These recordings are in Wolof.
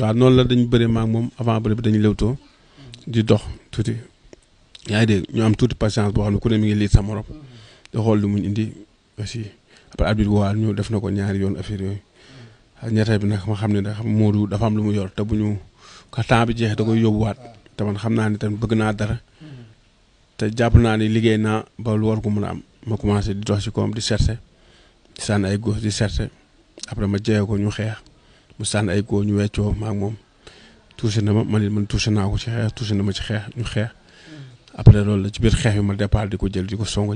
waaw noonu la dañu bëri maak moom avant bëri bi dañu lewtoo di dox tuuti yaa de dégg ñu am tuuti patience boo xam ne ku ne mi ngi lii sa morom di xool lu mu indi aussi après arbitre bi waa ñu def na ko ñaari yoon affaire yooyu ñetteel bi nag ma xam ne da xam Modou dafa am lu mu yor te bu ñu ka bi jeexee da koy yóbbuwaat te man xam naa ni tam bëgg naa dara te jàpp naa ne liggéey naa ba lu war ko mën a am ma commencé di dox ci koom di chercher di ay góos di chercher après ma jeyee ko ñu xeex. mu sànni ay góor ñu weccoo maak moom touché na ma man it man touché naa ko ci xeex touché na ma ci xeex ñu xeex mm. après loolu la ci biir xeex bi ma départ di ko jël di ko songo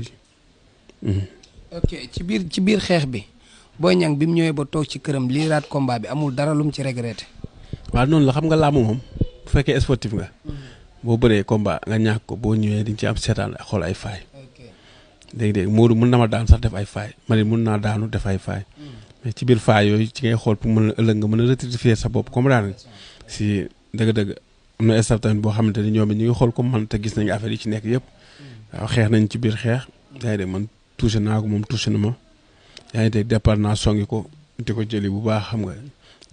mm. ci biir ci biir xeex bi Boy Niang bi mu ñëwee ba toog ci këram liiraat combat bi amul dara lu mu ci regretté. waaw noonu la xam nga làmb moom bu fekkee sportif nga. Mm. boo bëree combat nga ñàkk ko boo ñëwee di nga ci am seetaan ak xool ay faay. ok dégg-dégg Modou mun na ma daan sax def ay faay man it mun naa daanu def ay faay. ci biir faa yooyu ci ngay xool pour mën a ëllëg nga mën a rectifier sa bopp comprendre si dëgg-dëgg am na staff tamit boo xamante ni ñoom it ñu xool comme man te gis nañu affaire yi ci nekk yëpp hmm. waaw xeex nañ ci biir xeex hmm. yaa ngi dégg man touché naa moom touché na ma yaa ngi dégg départ naa songi ko di ko jëli bu baax xam nga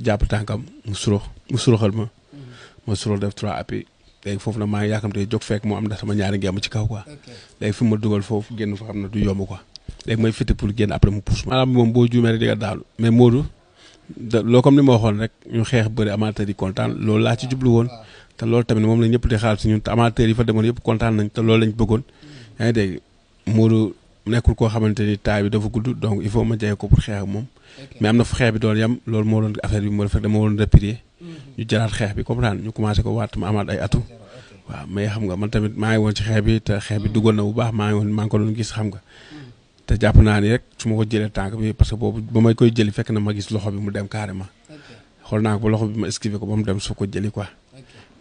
jàpp tànkam mu surux mu suruxal ma hmm. ma surux def trois appui léegi foofu na maa ngi yaakamte jóg fekk moo am ndax sama ñaari ngeem ci kaw quoi léegi ma dugal foofu génn fa xam ne du yomb quoi léegi may fitti pour génn après mu pousse ma. maanaam moom comme ni ma waxoon rek ñu xeex bëri amateur yi kontaan loolu laa ci jublu woon te loolu tamit moom la ñëpp di xaar si ñun amateur yi fa demoon yëpp kontaan nañ te loolu lañ bëggoon yaa ngi dégg Modou nekkul koo xamante ni taay bi dafa gudd donc il faut ma jege ko pour xeex moom mais am na fu xeex bi doon yam loolu moo doon affaire bi moo def dama waroon replier mhm. ñu jaraat xeex bi comprendre ñu commencé ko waat ma amaat ay atu waaw mais xam nga man tamit maa ngi woon ci xeex bi te xeex bi duggoon na bu baax maa ngi woon maa ngi ko doon gis xam nga mhm. te jàpp naa ni rek su ma ko jëlee tànk bi parce que boobu ba may koy jëli fekk na ma gis loxo bi mu dem carrément xool naa ko ba loxo bi ma esquivé ko ba mu dem su ko jëli quoi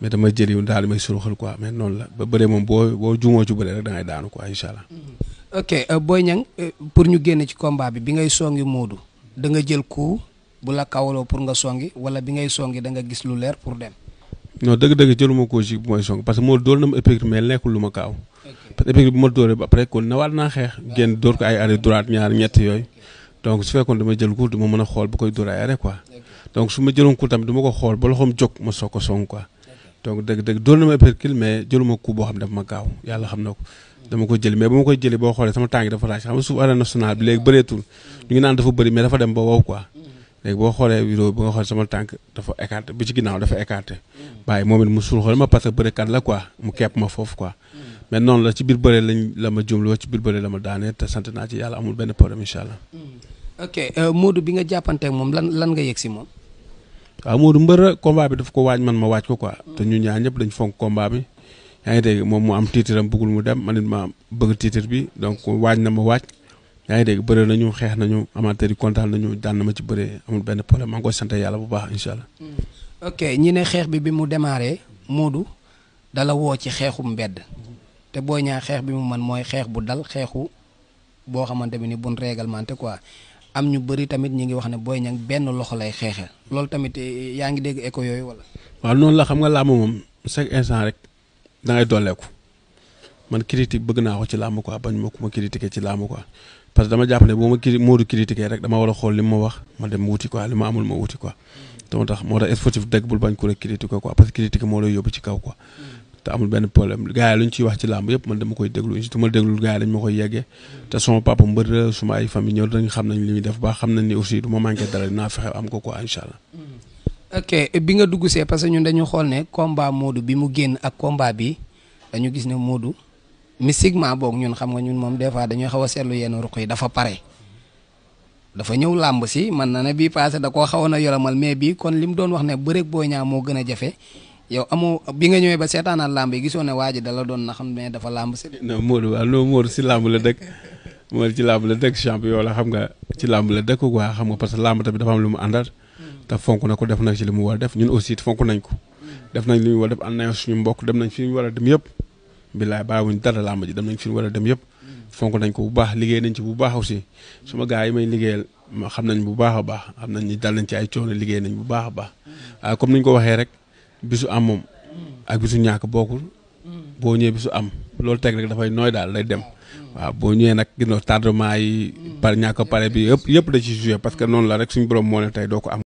mais dama jëli daal may suruxal quoi mais noonu la ba bëre moom boo boo juumoo ci bëre rek da ngay daanu quoi incha allah. Mhm. ok euh, euh, pour ñu génn ci combat bi bi ngay songi Modou da jël coup bu la kawaloo pour nga songi wala bi ngay songi da nga gis lu leer pour dem. non dëgg-dëgg jëluma ko ci bu may song parce que moo doon na ma épée mais nekkul lu ma kaaw. parce que bu ma dóoree ba après kon nawaat naa xeex génn dóor ko ay arrêt droite ñaar ñett yooyu donc su fekkoon dama jël court du ma mën a xool bu koy dóor ay arrêt quoi donc su ma jëloon court tamit du ma ko xool ba loxoom jóg ma soog ko song quoi donc dëgg-dëgg dóor na ma uppercut mais jëluma coup boo xam ne dafa ma gaaw yàlla xam na ko dama ko jëli mais ba koy jëli boo xoolee sama tànk dafa raaj xam nga suuf arène nationale bi léegi bëreetul ñu ngi naan dafa bëri mais dafa dem ba wow quoi léegi boo xoolee vidéo bi nga xool sama tànk dafa écarté bu ci ginnaaw dafa écarté bàyyi moom it mu suul xool ma parce que bërikat la quoi mu kepp ma foofu quoi mais noonu la ci biir bëre lañ la ma jumloo ci biir bëre la ma daanee te sant naa ci yàlla amul benn problème incha allah. Mm. ok euh, bi nga jàppanteeg moom lan lan nga yegg si moom. waaw mbër combat bi daf ko waaj man ma waaj ko te ñun ñaar ñëpp dañ fonk combat bi. yaa ngi dégg moom mu am titre am bëggul mu dem man it ma bi donc waaj na ma waaj. yaa ngi dégg bëre nañu xeex nañu amateur yi kontaan nañu daan na ci bëree amul benn problème maa ngi yàlla bu baax incha allah. Mm. ñi ne xeex bi bi mu démarré Modou dala woo ci xeexum mbedd. te Boy Niang xeex bi mu man mooy xeex bu dal xeexu boo xamante bi ni buñ réglementé quoi am ñu bëri tamit ñu ngi wax ne booy Niang benn loxo lay xeexee loolu tamit eh, yaa ngi dégg écho yooyu wala. waaw noonu la xam nga làmb moom chaque instant rek da ngay dolleeku man critique bëgg naa ko ci làmb quoi ci làmb quoi parce que dama jàpp ne boo ma cri Modou rek dama war a xool li ma wax ma dem wuti quoi li ma amul ma wuti quoi. dama ko rek critiquer quoi parce que critique moo lay yóbbu ci kaw quoi. Mm. te amul benn problème gars yi lu ñu ciy wax ci làmb yëpp man dama koy déglu surtout ma déglul gars yi dañ ma koy yeggee te sama papa mbër la suma ay famille ñëw xam nañ li muy def baax xam nañ ni aussi du ma manqué dara dinaa fexe am ko quoi incha allah. Mm-hmm. bi nga dugg see parce que ñun dañu xool ne combat Modou bi mu génn ak combat bi dañu gis ne Modou mystiquement boog ñun xam nga ñun moom des fois dañuy xaw a seetlu yenn ruq yi dafa pare. dafa ñëw làmb si man na ne bii passé da koo xawoon a yolamal mais bii kon li mu doon wax ne bëreeg boo ñaa moo gën a jafe yow amoo bi nga ñëwee ba seetaanaat làmb yi gisoo ne waa ji dala doon na xam ne dafa làmb si. non Modou waaw non Modou si ci làmb la dëkk champion la xam nga ci làmb la dëkk quoi xam nga parce que làmb tamit dafa am mu àndal. Hmm. te fonk na ko def na ci li mu war a def ñun aussi fonk nañ ko. Hmm. def nañ li ñu war suñu mbokk dem nañ fi ñu war a dem yëpp. bilaay bàyyiwuñ dara làmb ji dem nañ fi ñu a dem yëpp. Hmm. fonk nañ ko bu baax liggéey nañ ci bu baax aussi ma gars yi may liggéeyal ma xam nañ bu baax a baax xam nañ ni dal nañ ci ay coono liggéey nañ bu baax a baax ah, comme niñ ko waxee rek bisu am moom ak bisu ñàkk bokkul boo ñëwee bisu am loolu teg rek dafay nooy daal lay dem waaw boo ñëwee nag ginnaaw tardement yi par ñàkk pare bi yëpp yëpp da ci joué parce la rek suñu borom moo ne tey doo ko am